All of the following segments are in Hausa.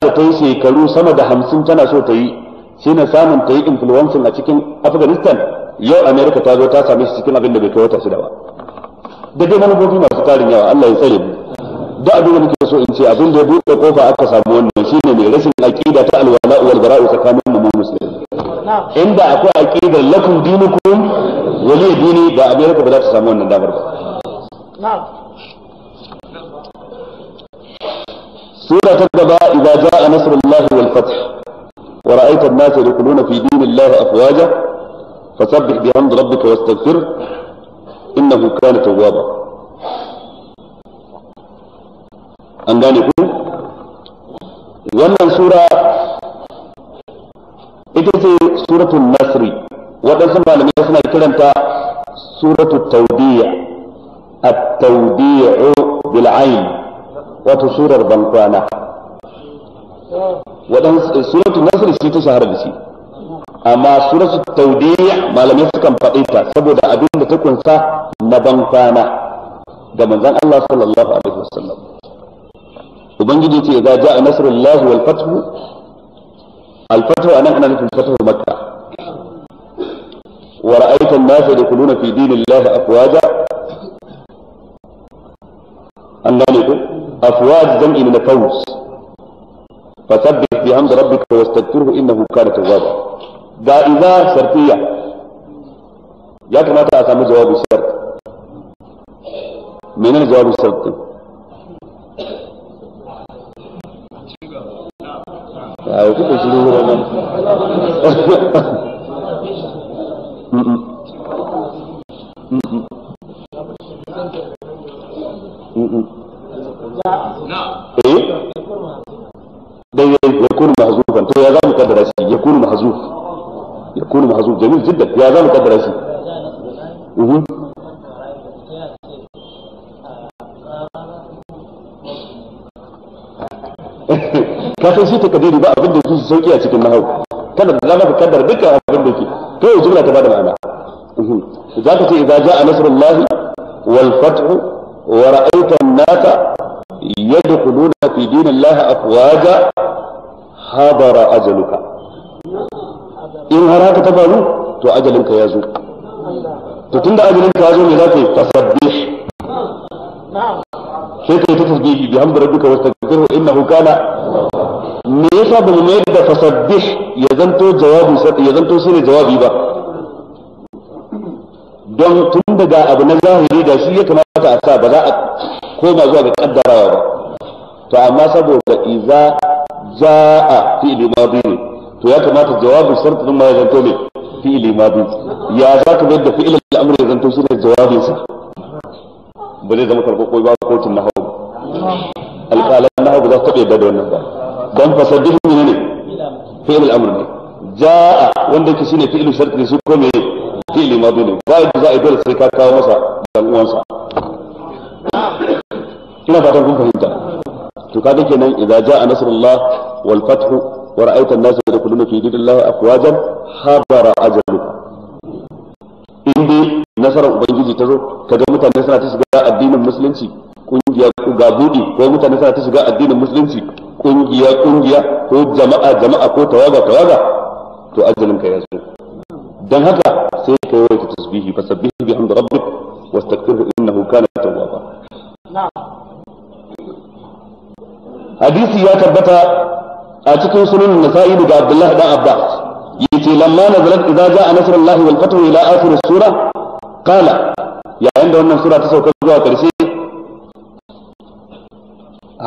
da ta yi shekaru sama da hamsin tana so ta yi shi ne samun ta yi influencing a cikin afghanistan yau Amerika ta zo ta same shi cikin abin da bai kai wata shida ba da dai manufofi masu tarin yawa allah ya tsare mu da abin da muke so in ce abin da ya buɗe kofa aka samu wannan shi ne mai rashin aƙida ta alwala wal bara'u tsakanin mu musulmi inda akwai aƙidar lakum dinukum waliy dini da Amerika ba za ta samu wannan damar ba سورة تبدأ إذا جاء نصر الله والفتح ورأيت الناس يدخلون في دين الله أفواجا فسبح بحمد ربك واستغفر إنه كان توابا أن قال يقول سورة إتسي سورة النصر ودسم على مجلسنا الكلام سورة التوديع التوديع بالعين wato surar bankwana waɗansu eh, suratul nasiru shi ta shahara da shi amma suratul tawdiya malamai sukan faɗi ta saboda abin da ta kunsa na bankwana ga manzon Allah sallallahu alaihi wasallam ubangiji ce idza jaa nasrullahi wal fathu al fathu anan ana nufin fathu makka wa ra'aita an-nasa yadkhuluna fi dinillahi afwaja الأفواج جمع من الفوز فسبح بحمد ربك واستغفره إنه كان توابا دا إذا شرطية يا كما تأسامي جواب الشرط من الجواب الشرط Mm-mm. أيوة، إيه؟ يكون yakunu يكون مهزوفا ya zamu kaddara shi yakunu mahzuf yakunu mahzuf jamil jiddan ya zamu kaddara shi ka san shi takadiri ba abin da yake sauki a cikin nahau kada da zama ka kaddara dukkan abin da yake to yanzu ta bada ma'ana za ka ce idza ja'a nasrullahi wal fath wa ra'aita an-nasa يعبدون الله أفواجا حضر أجلك إن هراك تبالو تو أجلك يا زوج تتن دا أجلك يا زوج لذاك تصبح كيف تتصبح بهم بربك واستغفره إنه كان ميسا بالميدة فصبح يزنتو جواب يزنتو سين جواب يبا دون تن دا أبن الظاهري دا شيئ كما تأسى بلاء كما زوج قدر رابا to amma saboda iza jaa fi madi ne to ya kamata jawabin sarki din ma ya zanto ne fi'li madi ya za ka bayar da fi'li al'amri ya zanto shi ne jawabin sa ba zai zama karɓo koi ba kotun na hau alƙalan na hau ba za su taɓa yadda da wannan ba don fasaddihin ne ne fi'li al'amri ne Za'a wanda yake shine fi'li shart ne shi ko me fi'li madi ne ba yadda za a yi dole sai ka kawo masa dan uwansa ina fatan kun fahimta to kaga kenan idza jaa nasrullah wal fath wa ra'aita an-nasa yadkhuluna fi dinillahi afwajan habara ajalu. Indi nasarar ubangiji ta zo kaga mutane suna ta shiga addinin musulunci kungiya ga budi ko mutane suna ta shiga addinin musulunci kungiya kungiya ko jama'a jama'a ko tawaga tawaga to ajalin ka ya zo dan haka sai ka yi tasbihi fasabbih bihamdi rabbik wastaghfirhu innahu kana tawwaba na'am hadisi ya tabbata a cikin sunan nasa'i daga abdullahi dan abbas yace lamma nazalat idza jaa nasrullahi wal fathu sura qala yayin da wannan sura ta sauka zuwa karshe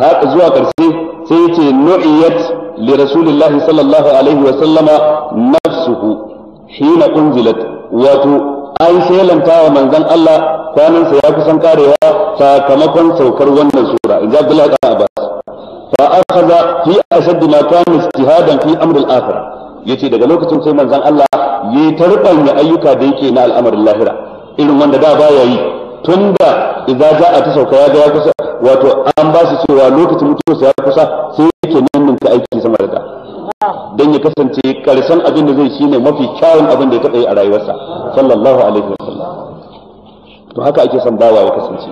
har zuwa karshe sai yace nu'iyat li rasulillahi sallallahu alaihi wa sallama nafsuhu hina unzilat wato an shelanta wa manzan Allah kwanansa ya kusan karewa sakamakon saukar wannan sura in ji Abdullahi Abbas فأخذ في أشد ما كان fi في أمر الآخرة yace daga lokacin sai manzon Allah yi tarbanya ayyuka da yake na al'amarin lahira irin wanda da baya yi tunda idza jaa ta sauka ya ga ya kusa wato an ba su cewa lokacin sa ya kusa sai yake nan ka aiki sama da dan ya kasance karshen abin da zai shine mafi kyawun abin da ya taɓa yi a rayuwarsa sallallahu alaihi wasallam to haka ake son bawa ya kasance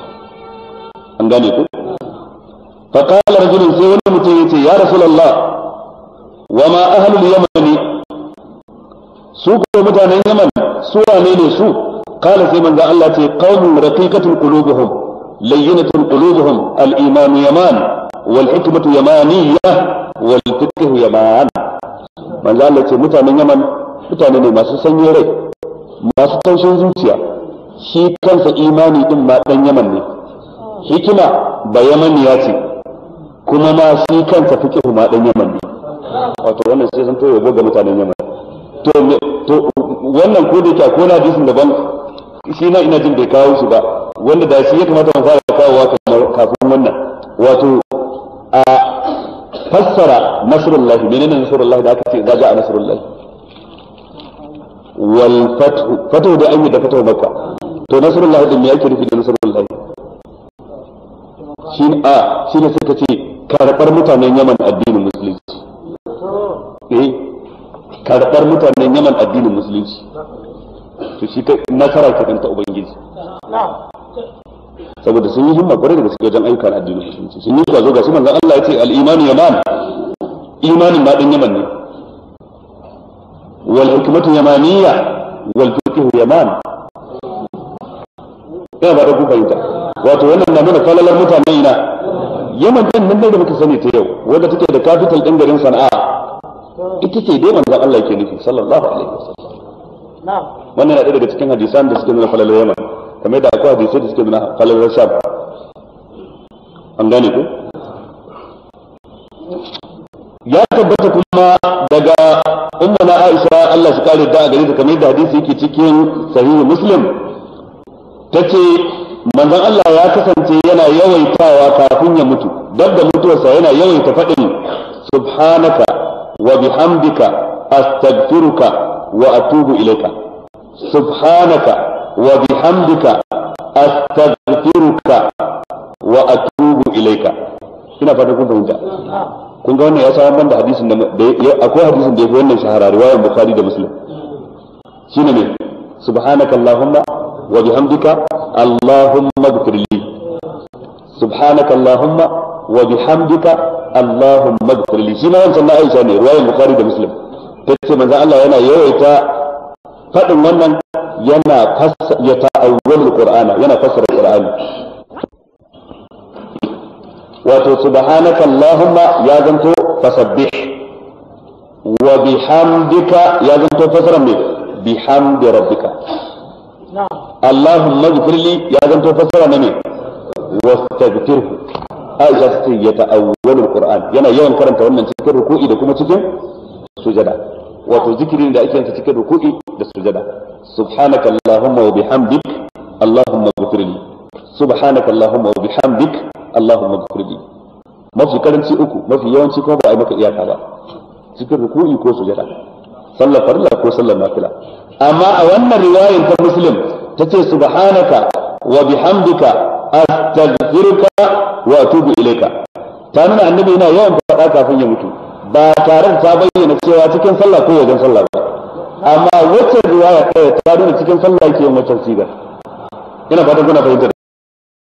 an gane ku fa qala rajulun sai wani mutum yace ya rasulullah wa ma ahlul yamani su ko mutanen yaman su wane ne su qala sai manzo Allah ce qaumun raqiqatul qulubuhum layyinatul qulubuhum al-iman yaman wal hikmatu yamaniyya wal fiqhu yaman manzo Allah ce mutanen yaman mutane ne masu sanyin rai masu zuciya shi kansa imani din ma dan hikima yamaniya ce kuma ma shi kansa fiqh ma dan Yaman ne wato wannan sai sun to yabo mutanen Yaman to to wannan ko da yake ko na hadisin daban shi na ina jin bai kawo shi ba wanda da shi ya kamata mu fara kawowa kamar kafin wannan wato a fassara nasrullahi menene nasrullahi da aka ce za a nasrullahi wal fathu fathu da an yi da fathu makka to nasrullahi din me yake nufi da nasrullahi Shin a shi ne suka ce karɓar mutanen yaman addinin musulunci eh karɓar mutanen yaman addinin musulunci to shi kai nasara ke ta ubangiji saboda sun yi himma kwarai da gaske wajen ayyukan addinin musulunci sun yi kwazo ga shi manzon Allah ya ce al-imanu yaman imanin ma dan yaman ne wal hikmatu yamaniya wal fiqhu yaman ya ba da ku fahimta wato wannan na nuna falalar mutanen ina yaman ɗin nan dai da muka sani ta yau wanda take da capital ɗin garin sana'a ita ce dai manzan Allah ke nufi sallallahu alaihi wasallam sallam. wannan yana daga cikin hadisan da suke nuna falalar yaman kamar da akwai hadisai da suke nuna falalar sham an gane ku? ya tabbata kuma daga na Aisha Allah shi kare da gare ta kamar da hadisi yake cikin sahihu Muslim tace manzon Allah ya kasance yana yawaitawa kafin ya mutu dab da mutuwarsa yana yawaita faɗin subhanaka wa bihamdika astaghfiruka wa atubu ilaika subhanaka wa bihamdika astaghfiruka wa atubu ilaika kina fata kun fahimta kun ga wannan ya sa banda hadisin da akwai hadisin da yake wannan shahara wayan bukhari da muslim shine ne subhanaka allahumma wa bihamdika اللهم اغفر لي سبحانك اللهم وبحمدك اللهم اغفر لي شنو wancan na Aisha ne ruwayan Bukhari da Muslim tace manzo Allah yana yawaita fadin wannan yana ya ta'awwal Qur'ana yana fassara Qur'ani wato subhanaka allahumma ya zanto fasabbih wa bihamdika ya zanto fassara me bihamdi rabbika na'am Allahumma ighfirli ya zanto fassara na me wastaghfirhu Aisha ta ce ya ta'awwalul yana yawan karanta wannan cikin ruku'i da kuma cikin sujada wato zikirin da ake yin cikin ruku'i da sujada subhanaka allahumma wa allahumma ighfirli subhanaka allahumma wa allahumma ighfirli mafi karanci uku mafi yawanci kuma ba a yi maka iyaka ba cikin ko sujada sallar farilla ko sallar nafila amma a wannan riwayar ta muslim tace subhanaka wa bihamdika astaghfiruka wa atubu ilaika ta nuna annabi yana yawan faɗa kafin ya mutu ba tare da ta bayyana cewa cikin sallah ko wajen sallah ba amma wacce riwaya ɗaya ta nuna cikin sallah yake yin wacce sigar ina fatan kuna fahimtar